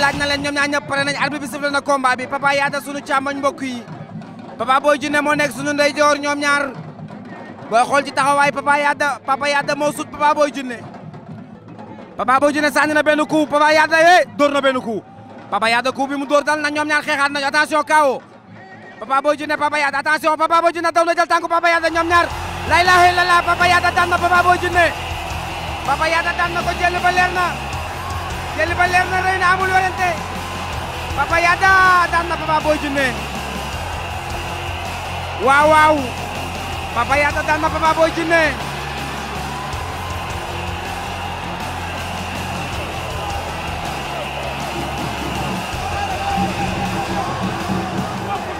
laaj na leen ñoom ñaar ñëpp pare nañ arbitre bi sifflé na combat bi Papa Yada sunu càmmoñ mbokk yi Papa Boy Djiné moo nekk sunu ndeyjoor ñoom ñaar booy xool ci taxawaay Papa Yada Papa Yada moo sut Papa Boy Djiné Papa Boy Djiné sànni na benn coup Papa Yada eh dóor na benn coup Papa Yada coup mu dóor dal na ñoom ñaar xeexaat nañu attention kawo Papa Boy Djiné Papa Yada attention Papa Boy Djiné daw na jël Papa Yada ñoom ñaar Papa Yada daan na ko jël ba leer na jëli ba leer na rëy na amul werante Papa Yada daan na Papa Boy Djiné waaw waaw Papa Yada daan na Papa Boy Djiné